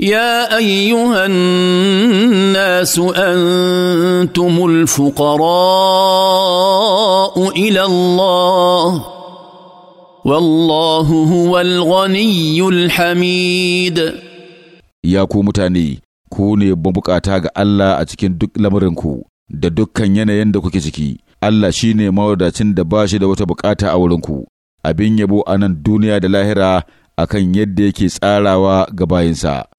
يا ايها الناس انتم الفقراء الى الله والله هو الغني الحميد يا ku mutane ku ne buƙata ga Allah a cikin duk lamarinku da dukkan yanayin da kuke ciki Allah shine mawadacin da ba shi da wata bukata a wurinku abin yabo a nan duniya da lahira akan yadda yake tsarawa ga bayinsa